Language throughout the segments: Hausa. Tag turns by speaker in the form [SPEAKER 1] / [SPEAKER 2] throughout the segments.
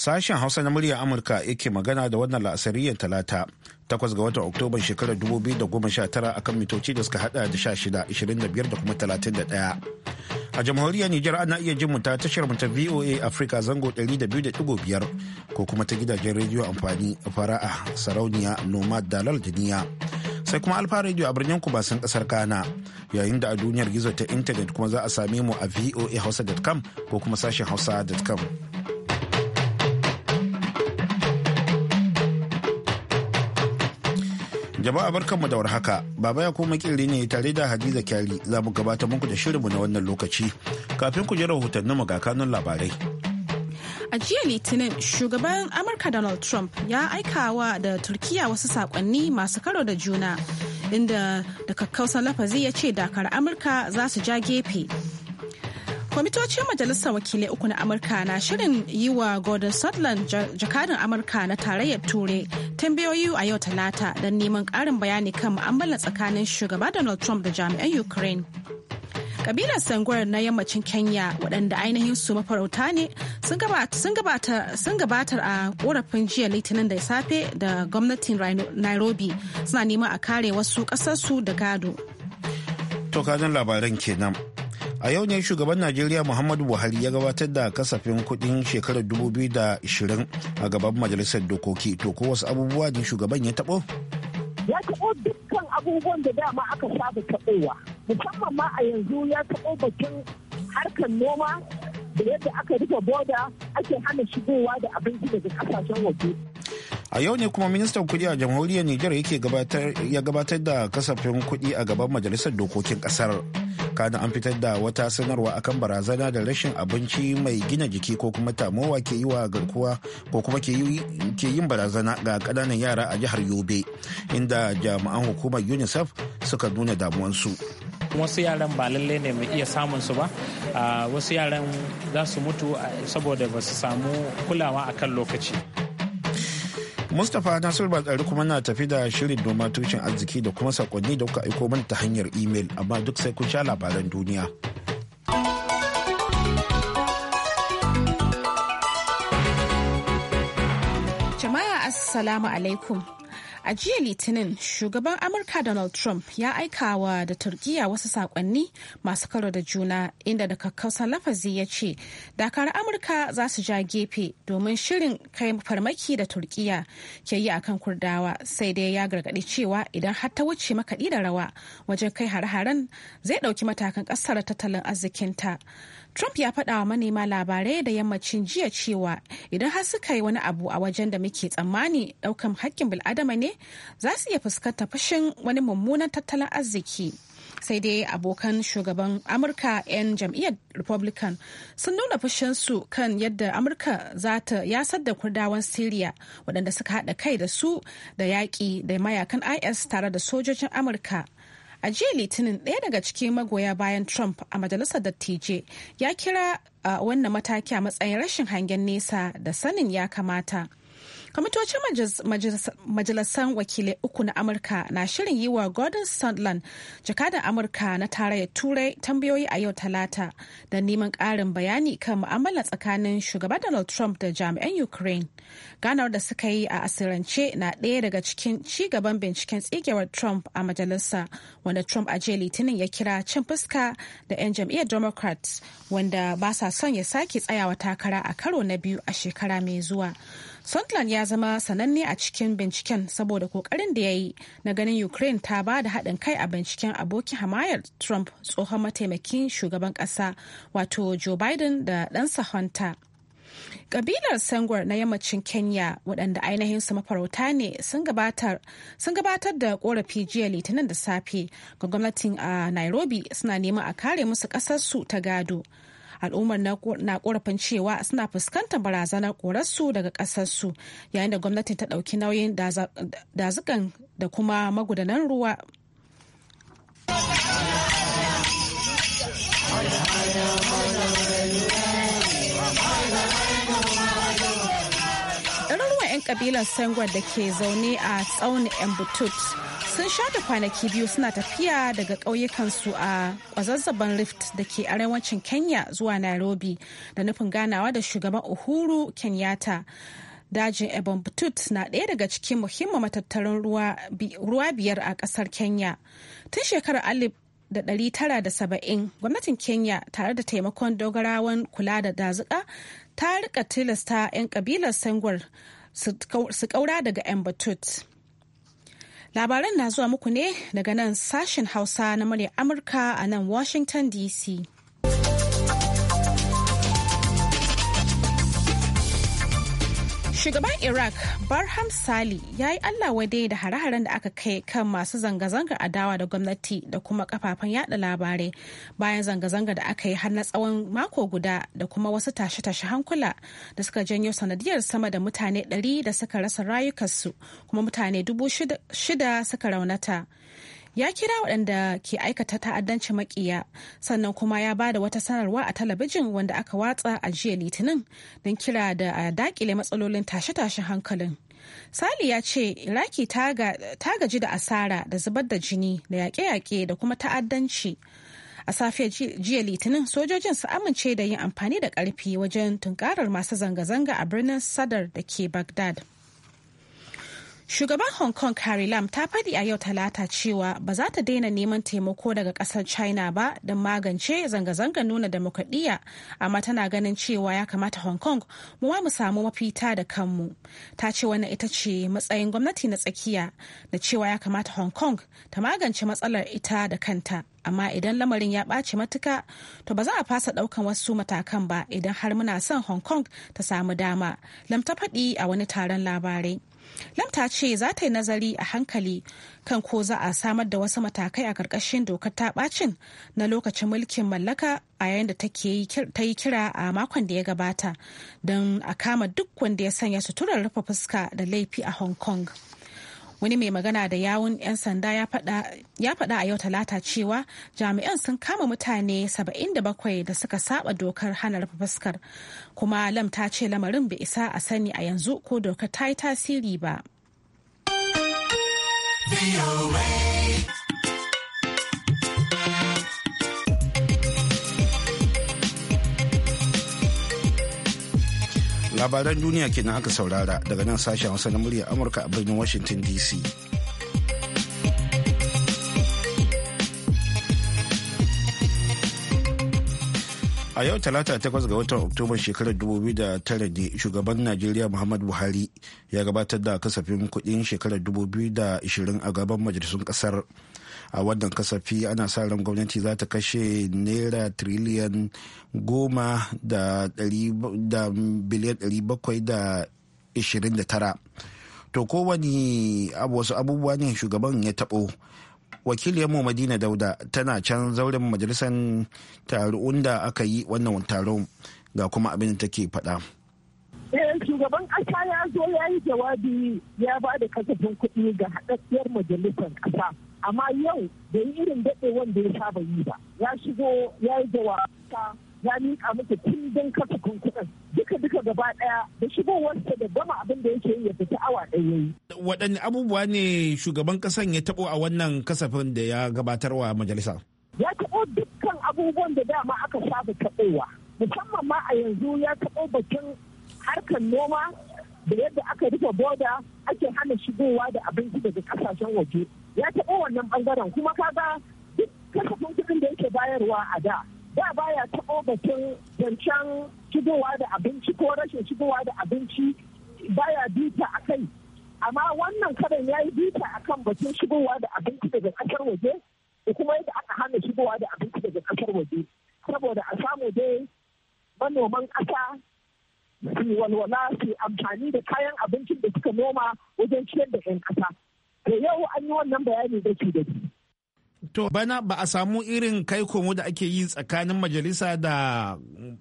[SPEAKER 1] Sashen Hausa na muryar Amurka yake magana da wannan la'asariyar talata takwas ga watan Oktoban shekarar 2019 akan mitoci da suka hada da 16, 25 da kuma 31. A jamhuriyar Nijar ana iya jin ta tashar ta VOA Africa zango 200.5 ko kuma ta gidajen rediyo amfani fara'a sarauniya nomad dalal duniya. sai kuma alfa radio a birnin kubasan kasar kana yayin da a duniyar gizo ta intanet kuma za a same mu a VOA hausa.com ko kuma sashen hausa.com Jama'a barkanmu da warhaka, Baba ya kuma kiri ne tare da Hadiza Kyari za mu gabata muku da shirinmu na wannan lokaci kafin ku ji rahotannin mu ga kanun labarai.
[SPEAKER 2] A jiya Litinin, shugaban Amurka Donald Trump ya aikawa da Turkiya wasu sakonni masu karo da juna, inda da kakkausan lafazi ya ce dakar Amurka za su ja gefe kwamitocin majalisar wakilai uku na amurka na shirin yi wa gordon sutherland jakadin amurka na tarayyar turai tambayoyi a yau talata don neman ƙarin bayani kan mu'amala tsakanin shugaba donald trump da jami'an ukraine kabilar sangwar na yammacin kenya waɗanda ainihin su mafarauta ne sun gabatar a korafin jiya litinin da safe da gwamnatin nairobi suna neman a kare wasu ƙasarsu da gado
[SPEAKER 1] to labaran kenan a yau ne shugaban najeriya muhammadu buhari ya gabatar da kasafin kudin shekarar da 2020 a gaban majalisar dokoki to ko wasu abubuwa ne shugaban ya
[SPEAKER 3] tabo? ya taɓo dukkan abubuwan da dama aka saba taɓowa musamman ma a yanzu ya taɓo batun harkar noma da yadda aka rufe boda ake hana shigowa da abinci daga kasashen waje
[SPEAKER 1] a yau ne kuma ministan kudi a jamhuriyar niger yake ya gabatar da kasafin kudi a gaban majalisar dokokin kasar kana an fitar da wata sanarwa akan barazana da rashin abinci mai gina jiki ko kuma tamowa ke yi wa garkuwa ko kuma ke yin barazana ga kananan yara a jihar yobe inda jami'an hukumar unicef suka nuna damuwansu wasu
[SPEAKER 4] yaran ba lalle ne mai iya samun su ba ah, wasu yaran za su mutu ah, saboda ba su samu kulawa akan lokaci
[SPEAKER 1] Mustapha Nasir Batsari kuma na tafi da shirin noma tushen arziki da kuma sakonni da kuka aiko mana ta hanyar imel amma duk sai kun sha labaran duniya.
[SPEAKER 2] Jama'a Assalamu alaikum. A jiya Litinin, shugaban Amurka Donald Trump ya aikawa da Turkiyya wasu sakonni masu karo da juna inda da kakkausan lafazi ya ce, Dakar Amurka za su ja gefe domin shirin kai farmaki da Turkiyya ke yi akan Kurdawa sai dai ya gargaɗi cewa idan har ta wuce makaɗi da rawa wajen kai hare-haren zai ɗauki matakan ƙasar tattalin arzikinta. Trump ya faɗa wa manema labarai da yammacin jiya cewa idan har suka yi wani abu a wajen da muke tsammani ɗaukan hakkin bil'adama ne za su iya fuskanta fashin wani mummunan tattalin arziki. sai dai abokan shugaban amurka 'yan jam'iyyar republican sun nuna fushinsu kan yadda amurka za ta yasar da kurdawan syria waɗanda suka haɗa kai da su da yaƙi da mayakan is tare da sojojin amurka a jiya litinin ɗaya daga cikin magoya bayan trump a majalisar dattijai ya kira uh, wannan mataki a matsayin rashin hangen nesa da sanin ya kamata kwamitocin majalisar wakilai uku na amurka na shirin yi wa gordon sutherland jakadan amurka na tarayyar turai tambayoyi a yau talata da neman karin bayani kan mu'amala tsakanin shugaban donald trump da jami'an ukraine ganar da suka yi a asirance na ɗaya daga cikin ci gaban binciken tsigewar trump a majalisa wanda trump a jiya litinin ya kira cin fuska da 'yan jam'iyyar democrats wanda ba sa son ya sake tsayawa takara a karo na biyu a shekara mai zuwa Sondland ya zama sananne a cikin binciken saboda kokarin da ya yi na ganin Ukraine ta ba da haɗin kai a binciken abokin hamayar Trump tsohon mataimakin shugaban ƙasa wato Joe Biden da ɗansa Hunter. Kabilar Sangwar na yammacin Kenya waɗanda ainihin su mafarauta ne sun gabatar da korafi jiya litinin da safe ga gwamnatin a ah, Nairobi suna neman a kare musu ƙasarsu ta gado. al'ummar na korafin cewa suna fuskantar barazanar korarsu daga ƙasarsu yayin da gwamnati ta ɗauki nauyin dazukan da kuma magudanan ruwa ɗaruruwan 'yan kabilar sangwar da ke zaune a tsaunin embutut sun shata kwanaki biyu suna tafiya daga ƙauyukansu a kwazazzaban rift da ke arewacin kenya zuwa nairobi da nufin ganawa da shugaban uhuru kenyatta dajin ebon butut na ɗaya daga cikin muhimman matattarin ruwa biyar a ƙasar kenya tun shekarar alif da ɗari tara da saba'in gwamnatin kenya tare da taimakon dogarawan kula da dazuka ta rika tilasta 'yan kabilar sangwar su kaura daga 'yan Labaran na zuwa muku ne daga nan sashen Hausa na murya Amurka a nan Washington DC. Shugaban Iraq Barham Sali ya yi Allah wadai da hare-haren da aka kai kan masu zanga-zangar adawa da gwamnati da kuma kafafen yada labarai bayan zanga-zanga da aka yi har na tsawon mako guda da kuma wasu tashe-tashe hankula da suka janyo sanadiyar sama da mutane 100 da suka rasa rayukansu kuma mutane 6,000 suka raunata. ya kira waɗanda ke aikata ta'addanci makiya sannan kuma ya ba da wata sanarwa a talabijin wanda aka watsa a jiya litinin don kira da a dakile matsalolin tashe-tashen hankalin sali ya ce iraki ta gaji da asara da zubar da jini da yaƙe-yaƙe da kuma ta'addanci a safiyar jiya litinin sojojin su amince da yin amfani da ƙarfi wajen tunkarar masu zanga-zanga a birnin sadar da ke bagdad Shugaban Hong Kong Carrie Lam ta faɗi a yau talata cewa ba za ta daina neman taimako daga ƙasar China ba don magance zanga zanga nuna demokradiyya amma tana ganin cewa ya kamata Hong Kong mu wa mu samu mafita da kanmu. Ta ce wannan ita ce matsayin gwamnati na tsakiya da cewa ya kamata Hong Kong ta magance matsalar ita da kanta. Amma idan lamarin ya ɓace matuka, to ba za a fasa ɗaukan wasu matakan ba idan har muna son Hong Kong ta samu dama. Lam ta faɗi a wani taron labarai. Lam ta ce za ta yi nazari a hankali kan ko za a samar da wasu matakai a ƙarƙashin dokar ta ɓacin na lokacin mulkin mallaka a yayin da ta yi kira a makon da ya gabata don a kama duk wanda ya sanya suturar rufe fuska da laifi a Hong Kong. wani mai magana da yawun 'yan sanda ya faɗa a yau talata cewa jami'an sun kama mutane 77 da suka saba dokar hana rufe fuskar kuma lam ta ce lamarin bai isa a sani a yanzu ko dokar ta yi tasiri ba.
[SPEAKER 1] labaran duniya kenan aka saurara daga nan sashen hausa na muryar amurka a birnin washington dc a yau talata takwas ga watan oktoba shekarar 2009 ne shugaban najeriya muhammadu buhari ya gabatar da kasafin kudin shekarar 2020 a gaban majalisun kasar a wannan kasafi ana sa ran gwamnati za ta kashe naira tiriliyan goma da biliyan ɗari bakwai da ishirin da tara to kowane wasu abubuwa ne shugaban ya taɓo mu madina dauda tana can zauren majalisar taron da aka yi wannan taron ga kuma abin da take faɗa.
[SPEAKER 3] Eh, shugaban ƙasa ya zo ya yi jawabi ya ba da kasafin kuɗi ga haɗaɗɗiyar majalisar ƙasa amma yau da yi irin daɗe wanda ya saba yi ba ya shigo ya yi jawabi ya miƙa muku kundin kasafin kuɗin duka duka gaba ɗaya da shigowarsa da gama abin da yake yi ya fita awa ɗaya yi. waɗanne abubuwa
[SPEAKER 1] ne shugaban ƙasan ya taɓo a wannan kasafin da ya gabatar wa majalisa.
[SPEAKER 3] ya taɓo dukkan abubuwan da dama aka saba taɓowa musamman ma a yanzu ya taɓo batun harkar noma da yadda aka rufe boda ake hana shigowa da abinci daga kasashen waje ya taɓa wannan bangaren kuma kaga duk kasafin kuɗin da yake bayarwa a da da baya taɓo batun zancen shigowa da abinci ko rashin shigowa da abinci baya bita a kai amma wannan karan ya yi bita a kan batun shigowa da abinci daga ƙasar waje da kuma yadda aka hana shigowa da abinci daga ƙasar waje saboda a samu dai manoman ƙasa walwala su amfani da kayan abincin da suka noma wajen ciyar da 'yan kasa Da yau an yi wannan bayani da ke da
[SPEAKER 1] To bana ba a samu irin kai komo da ake yi tsakanin majalisa da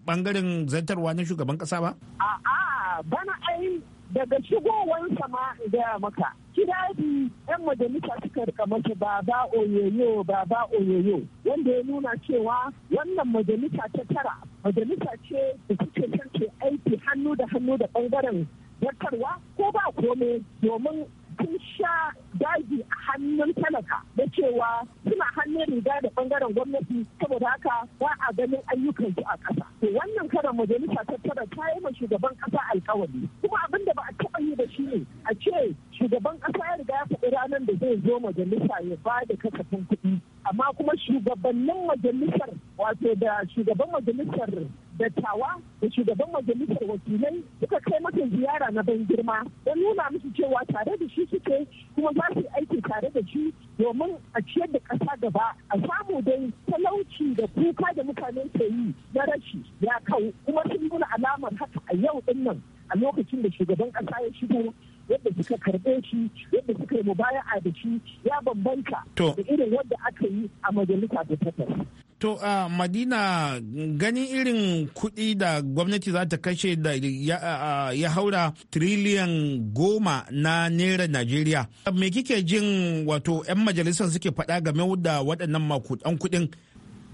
[SPEAKER 1] bangaren zartarwa na shugaban kasa ba?
[SPEAKER 3] A'a bana ai daga shigowar sama gaya maka kidadi yan majalisa suka rika mace baba oyoyo baba oyoyo wanda ya nuna cewa wannan majalisa ta tara majalisa ce da suke son ke aiki hannu da hannu da bangaren zartarwa ko ba kome domin sun sha daji a hannun talaka da cewa suna hannun riga da bangaren gwamnati saboda haka ba a ganin ayyukan su a ƙasa. To wannan karan majalisa ta tara ta yi ma shugaban ƙasa alkawari kuma abin da ba a taɓa yi da shi ne a ce shugaban kasa ya riga ya faɗi ranar da zai zo majalisa ya ba da kasafin kuɗi amma kuma shugabannin majalisar wato da shugaban majalisar dattawa da shugaban majalisar wakilai suka kai mata ziyara na ban girma don nuna musu cewa tare da shi suke kuma za su aiki tare da shi domin a ciyar da ƙasa gaba a samu dai talauci da kuka da mutane ke yi na rashi ya kau kuma sun nuna alamar haka a yau din a lokacin da shugaban ƙasa ya shigo yadda suka karɓe shi yadda suka yi mubaya'a da shi ya bambanta da irin wanda aka yi a majalisa da takwas.
[SPEAKER 1] To a uh, Madina ganin irin kuɗi da gwamnati za ta kashe da ya, uh, ya haura triliyan goma na naira Najeriya. Me kike jin wato 'yan majalisar suke faɗa game da waɗannan makudan kuɗin?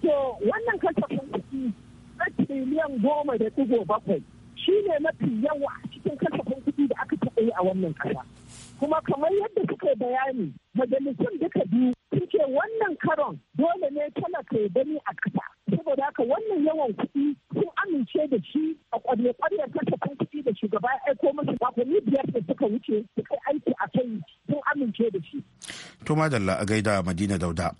[SPEAKER 3] To wannan kasafin kuɗi na triliyan goma da ɗigo bakwai shi ne mafi yawa cikin kasafin matsayi a wannan kasa. Kuma kamar yadda suka bayani majalisun duka biyu sun ce wannan karon dole ne talaka ya gani a kasa. Saboda haka wannan yawan kuɗi sun amince da shi a ƙwarya-ƙwaryar kasafin kuɗi da shugaba ya aiko musu makonni biyar da suka wuce suka aiki a kai sun amince da shi.
[SPEAKER 1] To madalla a gaida Madina Dauda.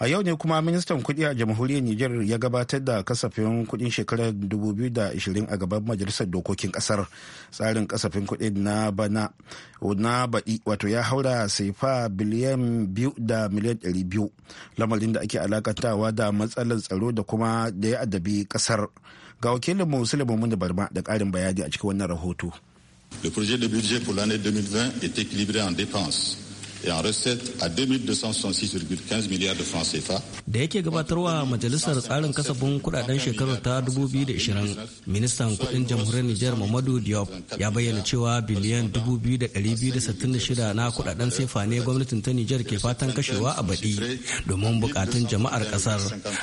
[SPEAKER 1] A yau ne kuma ministan kudi a jamhuriyar Nijar ya gabatar da kasafin kudin shekarar 2020 a gaban majalisar dokokin kasar tsarin kasafin kuɗi na bana na baɗi wato ya haura saifa biliyan biyu da miliyan ɗari biyu lamarin da ake alakantawa da matsalar tsaro da kuma da ya addabi kasar ga wakilin musulmi mun da barma da ƙarin bayani a cikin wannan rahoto.
[SPEAKER 5] Le projet de budget pour l'année 2020 est équilibré en dépenses
[SPEAKER 1] et en a 2266,15 milliards de francs CFA.
[SPEAKER 6] Da yake gabatarwa majalisar tsarin kasafin kudaden shekarar ta 2020, ministan kudin jamhuriyar Nijar Mamadu Diop ya bayyana cewa biliyan 2,266 na kudaden sefa ne gwamnatin ta Nijar ke fatan kashewa a baɗi domin bukatun jama'ar kasar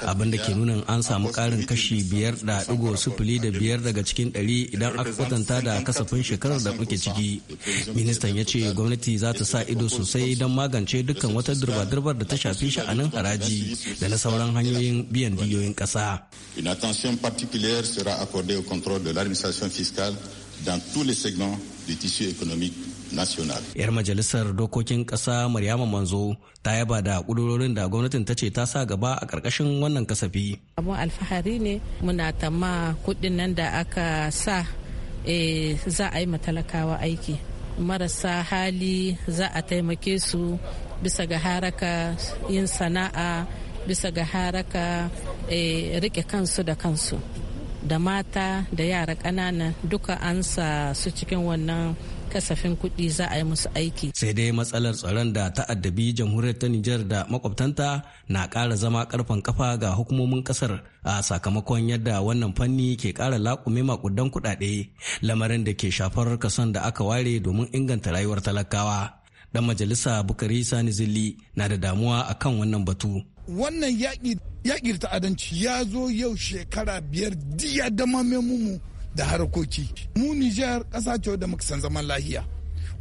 [SPEAKER 6] abinda ke nuna an samu karin kashi biyar da sufuli da biyar daga cikin ɗari idan aka kwatanta da kasafin shekarar da muke ciki. Ministan ya ce gwamnati za ta sa ido sosai yi don magance dukkan wata durba-durbar da ta shafi sha'anin haraji da na sauran hanyoyin biyan
[SPEAKER 1] diyoyin ƙasa. Une attention particulière sera accordée au contrôle de l'administration fiscale dans tous les segments du tissu économique national.
[SPEAKER 6] Yar majalisar dokokin ƙasa Maryama Manzo ta yaba da kudurorin da gwamnatin ta ce ta sa gaba a karkashin wannan kasafi.
[SPEAKER 7] Abun alfahari ne muna tama kudin nan da aka sa eh, za a yi matalakawa aiki. marasa hali za a taimake su bisa ga haraka yin sana'a bisa ga haraka e, rike kansu da kansu da mata da yara ƙanana duka ansa su cikin wannan kasafin kuɗi za a yi musu aiki.
[SPEAKER 6] Sai dai matsalar tsaron da ta'addabi jamhuriyar ta Nijar da makwabtanta na ƙara zama ƙarfan kafa ga hukumomin ƙasar a sakamakon yadda wannan fanni ke ƙara laƙume makudan kuɗaɗe lamarin da ke shafar kason da aka ware domin inganta rayuwar talakawa. Dan majalisa Bukari Sani Zilli na da damuwa akan wannan batu.
[SPEAKER 5] Wannan yaƙi yaƙi ta'addanci ya zo yau shekara biyar diya da mu da harkoki mu nijar ƙasa ce da muka san zaman lahiya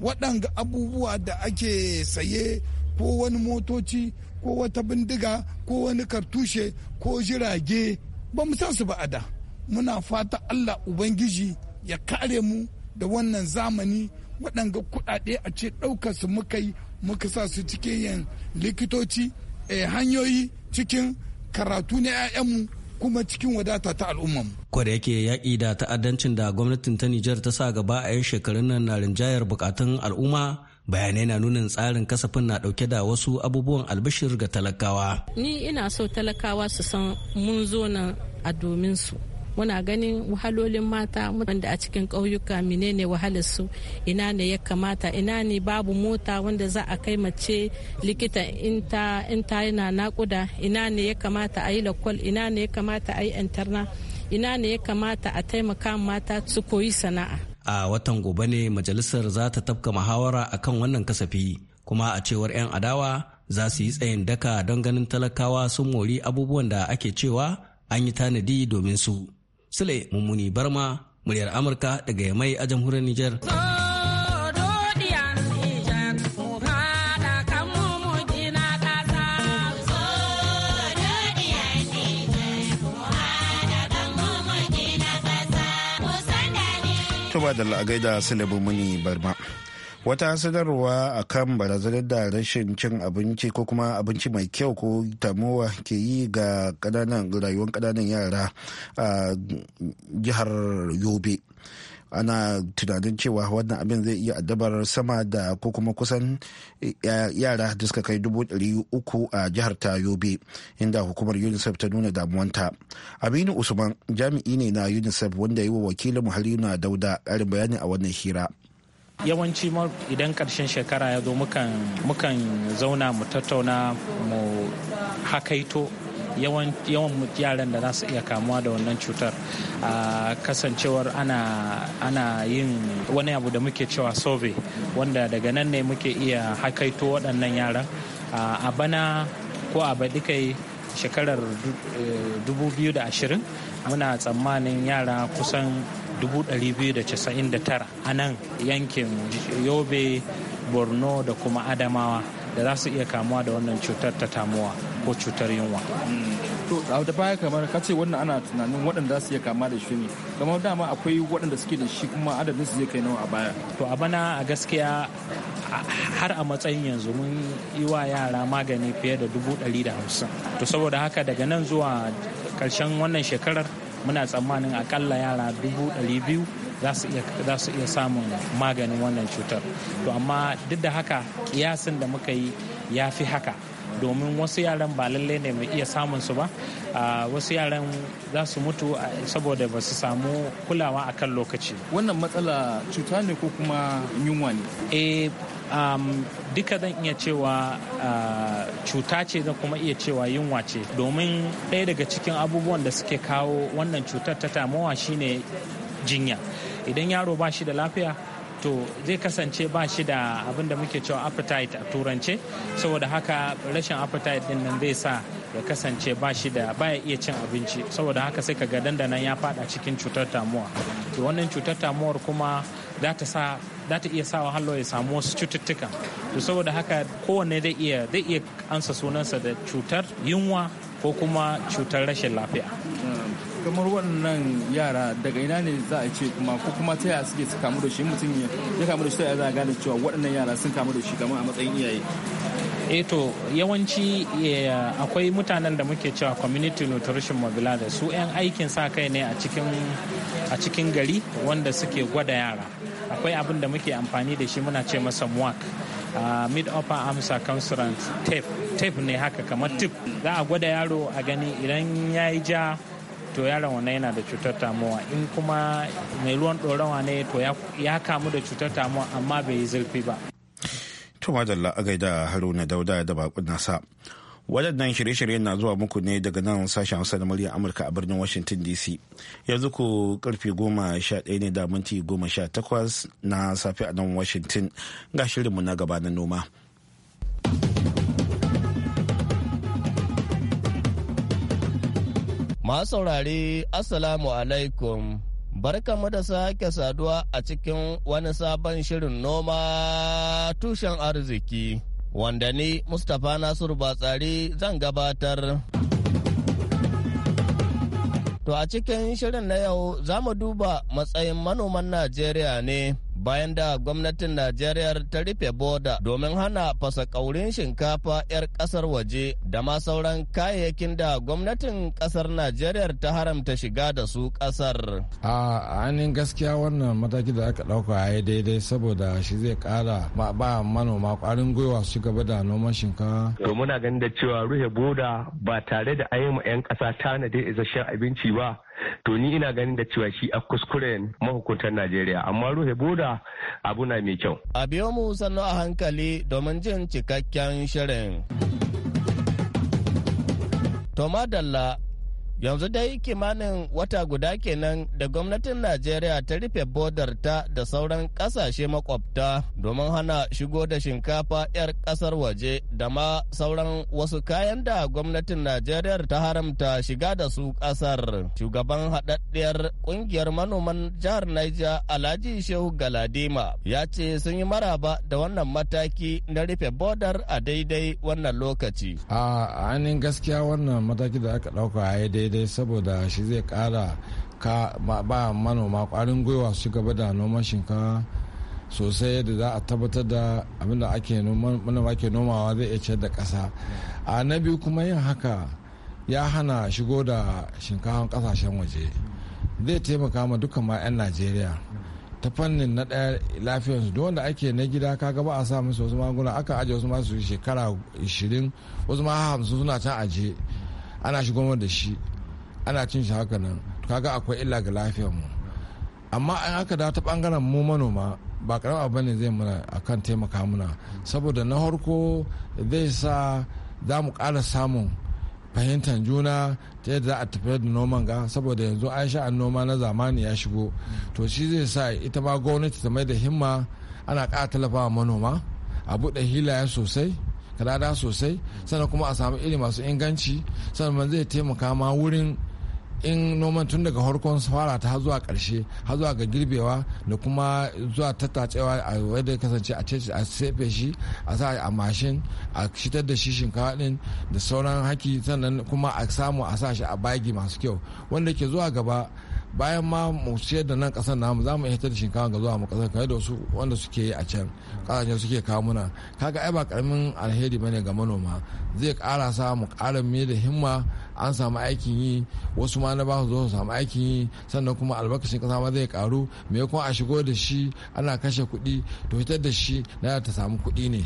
[SPEAKER 5] waɗanga abubuwa da ake saye ko wani motoci ko wata bindiga ko wani kartushe ko jirage ba mu su ba a da muna fata allah ubangiji ya kare mu da wannan zamani waɗanga kuɗaɗe a ce ɗaukar su muka yi muka sa su cikin yin likitoci eh, hanyoyi cikin karatu na 'ya'yanmu kuma cikin wadata ta al'ummar mu.
[SPEAKER 6] Kwada yake yaƙi da ta'addancin da gwamnatin ta Nijar ta sa gaba a 'yan shekarun nan na rinjayar bukatun al'umma bayanai na nunin tsarin kasafin na dauke da wasu abubuwan albishir ga talakawa.
[SPEAKER 7] Ni ina so talakawa su san mun zo nan a domin su. muna ganin wahalolin mata wanda a cikin ƙauyuka menene wahalar su ina ne ya kamata ina ne babu mota wanda za a kai mace likita in ta yana nakuda ina ne ya kamata a yi lakwal ina ne ya kamata a yi interna ina ne ya kamata a taimaka mata su koyi sana'a
[SPEAKER 6] a watan gobe ne majalisar za ta tafka muhawara akan wannan kasafi kuma a cewar 'yan adawa za su yi tsayin daka don ganin talakawa sun mori abubuwan da ake cewa an yi tanadi domin su. Sule Mummuni Barma, muryar Amurka daga Yamai a jamhuriyar Nijar.
[SPEAKER 1] Tuba da da Sule Mummuni Barma. wata sanarwa a kan barazanar da rashin cin abinci ko kuma abinci mai kyau ko tamowa ke yi ga kananan rayuwar kananan yara a jihar yobe ana tunanin cewa wannan abin zai iya addabar sama da ko kuma kusan yara da suka kai dubu ɗari uku a jihar ta yobe inda hukumar unicef ta nuna damuwanta aminu usman jami'i ne na unicef wanda yi wa wakilin na dauda ƙarin bayani a wannan hira
[SPEAKER 4] yawanci idan karshen shekara ya zo mukan zauna mu tattauna mu hakaito yawan yaran da za su iya kamuwa da wannan cutar a kasancewar ana yin wani abu da muke cewa sove wanda daga nan ne muke iya hakaito waɗannan yaran a bana ko a baɗi kai shekarar 2020 eh, muna tsammanin yara kusan 299 a nan yankin yobe borno da kuma adamawa da za su iya kamuwa da wannan cutar ta tamuwa ko cutar yunwa mm. to da baya kamar ka ce wannan ana tunanin waɗanda su iya kama da shi ne kamar dama akwai waɗanda suke da shi kuma adadin su zai kai nawa a baya to a bana a gaskiya har a matsayin yanzu mun yi wa yara magani fiye da dubu ɗari da hamsin to saboda haka daga nan zuwa ƙarshen wannan shekarar muna tsammanin akalla yara dubu ɗari biyu za su iya samun maganin wannan cutar to amma duk da haka kiyasin da muka yi ya fi haka domin wasu yaran ba lallai ne mai iya samun su ba ah, wasu yaran za su mutu ah, saboda ba su samu kulawa a kan lokaci wannan matsala cuta ne ko kuma yunwa ne eh, duka zan iya cewa uh, cuta ce zan kuma iya cewa yunwa ce domin ɗaya daga cikin abubuwan da suke kawo wannan cutar ta tamowa shine jinya idan yaro ba shi da lafiya to zai kasance ba shi da abin da muke cewa appetite a turance saboda haka rashin appetite din nan zai sa ya kasance ba shi da baya iya cin abinci saboda haka sai ka ga dandanan ya fada cikin cutar tamuwa to wannan cutar tamuwar kuma za ta sa za ta iya sawa hallo ya samu wasu cututtuka to saboda haka kowanne zai iya zai iya ansa sunansa da cutar yunwa ko kuma cutar rashin
[SPEAKER 5] lafiya kamar wannan yara daga ina ne za a ce kuma ko kuma ta yaya suke kamu da shi mutum ya kamu da shi ta yaya za a gane cewa waɗannan yara sun kamu da shi kamar a matsayin iyaye
[SPEAKER 4] eto eh yawanci eh, akwai mutanen da muke cewa community nutrition mobila da su 'yan aikin sa kai ne a cikin gari wanda suke gwada yara akwai abin da muke amfani da shi muna ce masa muwak a ah, mid upper arm circumference tape tape ne haka kamar tip za a gwada yaro a gani idan ya yi ja to yaron wannan yana da cutar tamuwa in kuma mai ruwan ɗorawa ne to ya kamu da cutar tamuwa amma bai yi zurfi ba.
[SPEAKER 1] To madalla a gaida Haruna Dauda da bakun nasa. Waɗannan shirye-shiryen na zuwa muku ne daga nan sashen Hausa da muryar Amurka a birnin Washington DC. Yanzu ku karfe goma sha ɗaya ne da minti goma sha takwas na safe a nan Washington ga shirinmu na gaba na noma.
[SPEAKER 8] Masu saurare Assalamu alaikum. Barkamu da sake saduwa a cikin wani sabon shirin noma tushen arziki wanda ni Mustapha Nasiru Batsari zan gabatar. To a cikin shirin na yau za mu duba matsayin manoman Najeriya ne. bayan da gwamnatin Najeriya ta rufe boda domin hana fasa kaurin shinkafa 'yar kasar waje da ma sauran kayayyakin da gwamnatin kasar Najeriya ta haramta shiga da su kasar.
[SPEAKER 5] A ainihin gaskiya wannan mataki da aka ɗauka ya daidai saboda shi zai kara ba manoma ƙwarin gwiwa su gaba da noman shinkafa.
[SPEAKER 9] To muna ganin da cewa rufe boda ba tare da ayyuma 'yan ƙasa tanadi isasshen abinci ba to ni ina ganin da cewa shi a kuskuren mahukuntan najeriya amma
[SPEAKER 8] Ruhe boda abu na mai kyau a biyo mu sannu a hankali domin jin cikakken shirin Toma Dalla yanzu dai kimanin wata guda kenan da gwamnatin najeriya ta rufe bodar ta da sauran kasashe makwabta domin hana shigo da shinkafa 'yar kasar waje da ma sauran wasu kayan da gwamnatin najeriya ta haramta shiga da su kasar shugaban haɗaɗɗiyar ƙungiyar manoman jihar niger alhaji shehu galadima ya ce sun yi maraba da wannan mataki na rufe bodar a daidai wannan lokaci
[SPEAKER 5] a gaskiya wannan mataki da aka ɗauka a daidai daidai saboda shi zai kara ka ba manoma kwarin gwiwa su gaba da noman shinkafa sosai yadda za a tabbatar da abinda ake manoma ke nomawa zai iya ciyar da ƙasa a na biyu kuma yin haka ya hana shigo da shinkafan kasashen waje zai taimaka ma duka ma 'yan najeriya ta fannin na ɗaya lafiyarsu don wanda ake na gida ka gaba a sa musu wasu magunguna aka ajiye wasu masu shekara 20 wasu ma hamsin suna can ajiye ana shigo da shi ana cin shi haka nan kaga akwai illa ga lafiyar mu amma an aka da ta bangaren mu manoma ba karama a ne zai mana akan taimaka muna saboda na harko zai sa za mu ƙara samun fahimtar juna ta yadda za a tafiyar da noman ga saboda yanzu an sha'an noma na zamani ya shigo to shi zai sa ita ma gwamnati ta mai da himma ana talafa wa manoma a buɗe hilaya sosai kadada sosai sannan kuma a samu iri masu inganci sannan zai taimaka ma wurin in noman tun daga harkon fara ta zuwa karshe har zuwa ga girbewa da kuma zuwa tattacewa a wadda kasance a cece a sefe shi a sa a mashin a shitar da shi shinkawa din da sauran haki sannan kuma a samu a sa shi a bagi masu kyau wanda ke zuwa gaba bayan ma mu da nan kasar namu za mu iya da shinkafa ga zuwa mu kasar kai da wasu wanda suke yi a can kasashen suke kawo muna kaga ai ba karamin alheri bane ga manoma zai kara sa mu kara mu da himma an samu aikin yi wasu ma na ba su zo su samu aikin yi sannan kuma albarkacin kasa ma zai karu me ko a shigo da shi ana kashe kuɗi to fitar da shi na ta samu kuɗi ne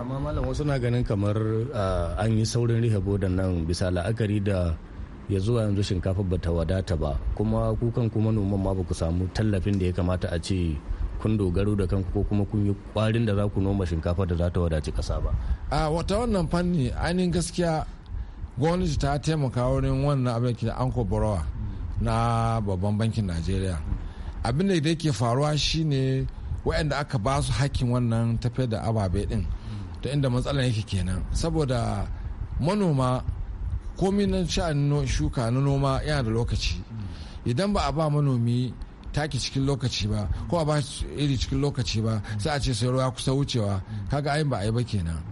[SPEAKER 5] amma malam wasu na
[SPEAKER 8] ganin kamar ah, an yi saurin rihabo da nan bisa la'akari da ya zuwa yanzu shinkafa ba ta wadata ba kuma kukan kuma noman ma ba ku samu tallafin da ya kamata a ce kun dogaro da kanku ko kuma kun yi kwarin da za ku noma shinkafa da za ta wadaci kasa ba
[SPEAKER 5] a wata wannan fanni ainihin gaskiya gwamnati ta taimaka wurin wannan abin da anko borowa na babban bankin najeriya abin da yake faruwa shine waɗanda aka ba su hakkin wannan tafiyar da ababe din to inda matsalar yake kenan saboda manoma komi na sha'anin shuka na noma yana da lokaci idan ba a ba manomi taki cikin lokaci ba ko a ba iri cikin lokaci ba sai a ce sai ruwa kusa wucewa kaga ayin ba a yi ba kenan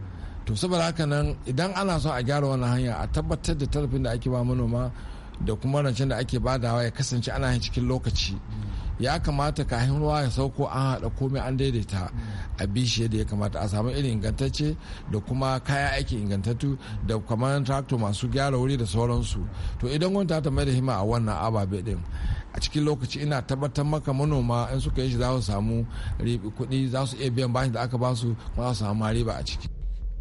[SPEAKER 5] to saboda haka nan idan ana so a gyara wannan hanya a tabbatar da tallafin da ake ba manoma da kuma rancen da ake badawa ya kasance ana yin cikin lokaci ya kamata kafin ruwa ya sauko an haɗa komai an daidaita a bishiyar da ya kamata a samu irin ingantacce da kuma kaya aiki ingantattu da kamar tractor masu gyara wuri da sauransu to idan gwamnati ta mai da hima a wannan ababe din a cikin lokaci ina tabbatar maka manoma in suka yi shi za su samu kuɗi za su iya biyan bashi da aka ba su kuma za su samu riba a ciki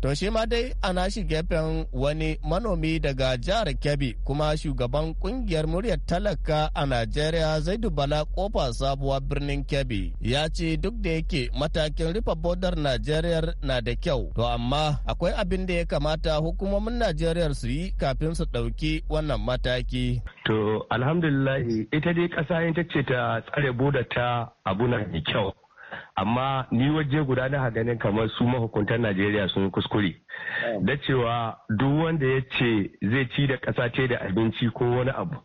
[SPEAKER 5] To shi
[SPEAKER 8] ma dai ana nashi gefen wani manomi daga jihar Kebbi kuma shugaban kungiyar muryar talaka a Najeriya Zaidu Bala kofa sabuwa birnin Kebbi ya ce duk da yake matakin rufe bodar Najeriya na da kyau to amma akwai abin da ya kamata hukumomin Najeriya su yi kafin su ɗauki wannan mataki. To alhamdulillah ita dai ƙasa ta tsare bodar ta abu na
[SPEAKER 9] kyau amma ni waje guda na ganin kamar su mahukuntan najeriya sun kuskure da cewa duk wanda ya ce zai ci da ƙasa ce da abinci ko wani abu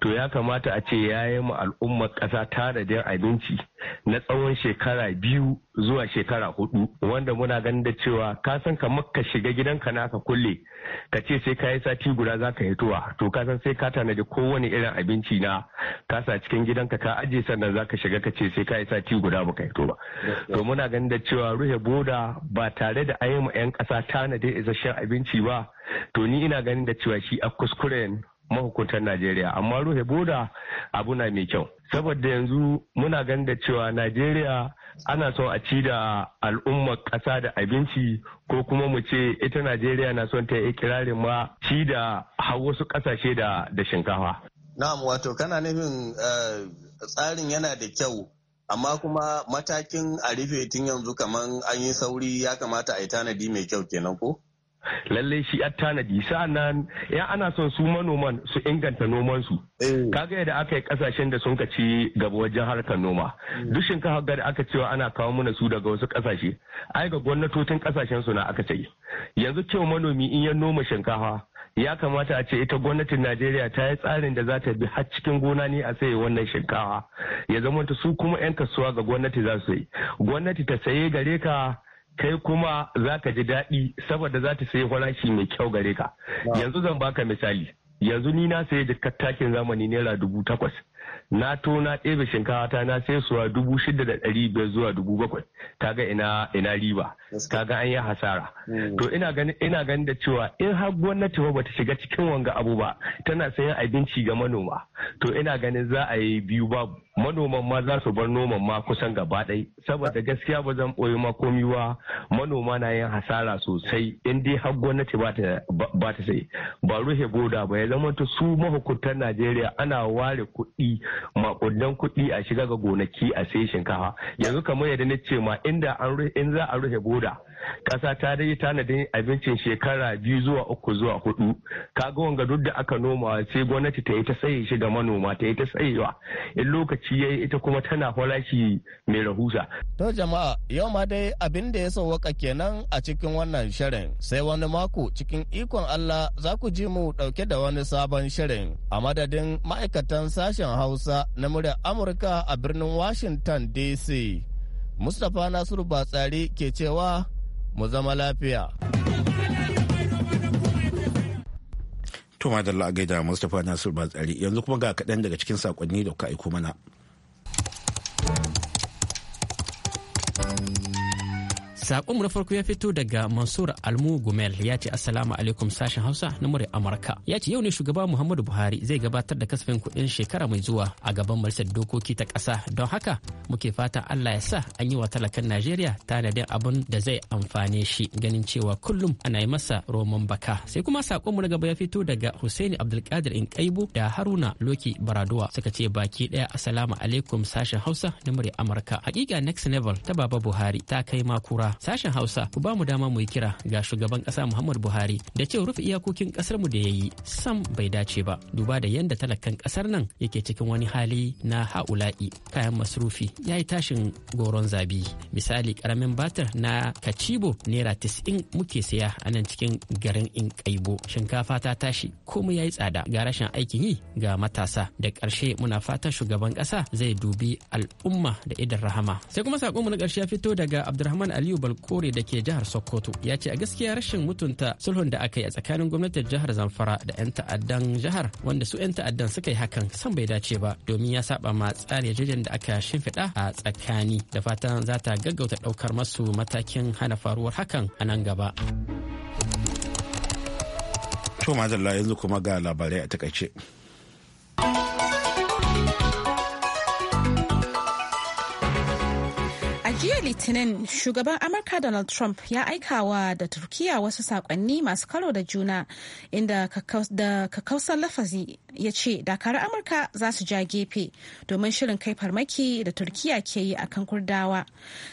[SPEAKER 9] to ya kamata a ce ya yi ma al'ummar ƙasa tanadin abinci na tsawon shekara biyu zuwa shekara hudu wanda muna ganin da cewa ka san ka ka shiga gidanka naka kulle ka ce sai ka yi sati guda za ka tuwa to ka san sai ka tanadi kowane irin abinci na kasa cikin gidanka ka ajiye sannan za ka shiga ka ce sai ka yi sati guda ba ka hito ba to muna ganin da cewa ruhe boda ba tare da ayyama 'yan ƙasa tanadi isasshen abinci ba to ni ina ganin da cewa shi a kuskuren mahukuntar najeriya amma ruhe boda abu na mai kyau saboda yanzu muna ganin da cewa najeriya ana so a ci da al'ummar ƙasa da abinci ko kuma mu ce ita najeriya na son ta yi kirarin ma ci da har wasu ƙasashe da shinkafa
[SPEAKER 8] na'am wato kana nufin eh, tsarin yana da kyau amma kuma matakin a rufe tun yanzu kamar an yi sauri ya kamata a yi tanadi mai kyau kenan ko?
[SPEAKER 9] lallai shi a tanadi sa'annan ya ana son su manoman su inganta noman su eh. kaga yadda aka yi kasashen da sun ci gaba wajen harkar noma hmm. duk shinkafa da aka cewa ana kawo mana su daga wasu kasashe ai ga gwamnatocin kasashen su na aka ce yanzu cewa manomi in ya noma shinkafa ya kamata a ce ita gwamnatin najeriya ta yi tsarin da za ta bi har cikin gona ne a saye wannan shinkawa. ya zama ta su kuma 'yan kasuwa ga gwamnati za su yi gwamnati ta saye gare ka kai kuma za ka ji daɗi saboda za ta sayi farashi mai kyau gare ka yanzu zan baka misali yanzu ni na sayi da takin zamani naira dubu takwas na to na ɗebe shinkawa ta na sai suwa dubu shida da ɗari biyar zuwa dubu bakwai ta ina ina riba ta ga an yi hasara hmm. to ina ganin da cewa in har gwamnati ba ta shiga cikin wanga abu ba tana sayan abinci ga manoma to ina ganin za a yi biyu babu manoman ma za su bar noman ma kusan gaba ɗai saboda gaskiya ba zan ɓoyi ma komi ba manoma na yin hasara sosai in dai har gwamnati ba ta sai ba ruhe boda ba ya zama ta su mahukuntan najeriya ana ware kuɗi maƙudan kuɗi a shiga ga gonaki a sai shinkafa yanzu kamar yadda na ce ma inda in za a ruhe boda kasa ta dai tanadin abincin shekara biyu zuwa uku zuwa hudu kaga wanga duk da aka noma sai gwamnati ta yi ta tsaye shi ga manoma ta yi ta sayewa in lokaci yayi ita kuma tana farashi mai rahusa.
[SPEAKER 8] to jama'a yau ma dai abin da ya sauwaka kenan a cikin wannan shirin sai wani mako cikin ikon allah za ku ji mu dauke da wani sabon shirin a madadin ma'aikatan sashen hausa na muryar amurka a birnin washington dc mustapha nasiru batsari ke cewa mu zama lafiya.
[SPEAKER 1] Tuma da da Mustapha nasiru Batsari yanzu kuma ga kaɗan daga cikin saƙonni da kuka aiko mana.
[SPEAKER 10] mu na farko ya fito daga Mansur Almu Gumel ya ce Assalamu alaikum sashen Hausa na murya Amurka. Ya ce yau ne shugaba Muhammadu Buhari zai gabatar da kasafin kuɗin shekara mai zuwa a gaban majalisar dokoki ta ƙasa don haka muke fata Allah ya sa an yi wa talakan Najeriya tanadin abin da zai amfane shi ganin cewa kullum ana yi masa roman baka. Sai kuma mu na gaba ya fito daga Husaini Abdulkadir Inkaibu da Haruna Loki Baraduwa suka ce baki ɗaya Assalamu alaikum sashen Hausa na murya Amurka. Hakika Next Level ta Baba Buhari ta kai makura sashen Hausa ku ba mu dama mu yi kira ga shugaban ƙasa Muhammadu Buhari da cewa rufe iyakokin ƙasar mu da ya yi sam bai dace ba duba da yadda talakan ƙasar nan yake cikin wani hali na ha'ula'i kayan masrufi ya yi tashin goron zabi misali karamin batir na kacibo naira tis'in muke saya a nan cikin garin in kaibo shinkafa ta tashi komai ya yi tsada ga rashin aikin yi ga matasa da ƙarshe muna fatan shugaban ƙasa zai dubi al'umma da idan rahama sai kuma saƙonmu na ƙarshe ya fito daga abdulrahman aliyu kore da ke jihar sokoto ya ce a gaskiya rashin mutunta sulhun da aka yi a tsakanin gwamnatin jihar zamfara da 'yan ta'addan jihar wanda su 'yan ta'addan suka yi hakan san bai dace ba domin ya saba ma tsari yarjejen da aka shimfiɗa a tsakani da fatan za ta gaggauta ɗaukar masu matakin hana faruwar hakan a nan gaba.
[SPEAKER 1] To yanzu kuma ga labarai a takaice.
[SPEAKER 2] jiya litinin shugaban amurka donald trump ya aikawa da turkiya wasu sakonni masu karo da juna inda da kakausan lafazi ya ce dakarar amurka za su ja gefe domin shirin kai farmaki da turkiya ke yi a kan kurdawa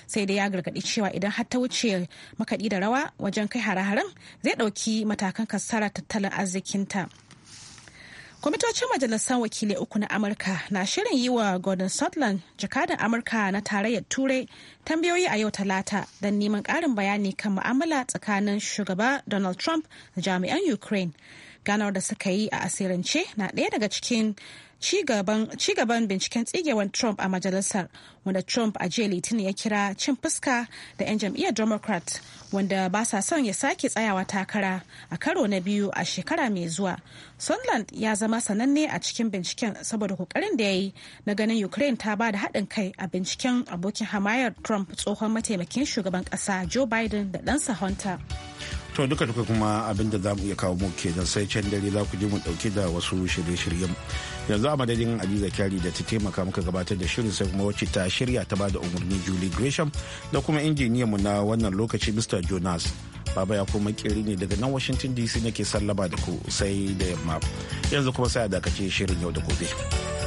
[SPEAKER 2] sai dai ya gargaɗi cewa idan har ta wuce makaɗi da rawa wajen kai hare-haren zai ɗauki matakan kassara tattalin arzikinta. kwamitocin majalisar wakilai uku na amurka na shirin yi wa gordon sutherland jakadan amurka na tarayyar turai tambayoyi a yau talata don neman karin bayani kan mu'amala tsakanin shugaba donald trump da jami'an ukraine ganar da suka yi a asirance na ɗaya daga cikin cigaban binciken tsigewan trump a majalisar wanda trump a jiya litinin ya kira cin fuska da 'yan jam'iyyar democrat wanda ba sa son ya sake tsayawa takara a karo na biyu a shekara mai zuwa sunland ya zama sananne a cikin binciken saboda kokarin da ya yi na ganin ukraine ta ba da haɗin kai a binciken abokin hamayar trump tsohon mataimakin shugaban ƙasa joe biden da ɗansa hunter
[SPEAKER 1] to duka duka kuma abinda za mu iya kawo mu kenan sai can dare za ku je mu dauke da wasu shirye-shiryen yanzu a madadin aliza kyari da ta taimaka muka gabatar da shirin sai kuma wacce ta shirya ta bada umarni julie gresham da kuma injiniyan mu na wannan lokaci mr jonas baba ya kuma kiri ne daga nan washington dc nake sallaba da ku sai da yamma yanzu kuma sai a dakace shirin yau da gobe.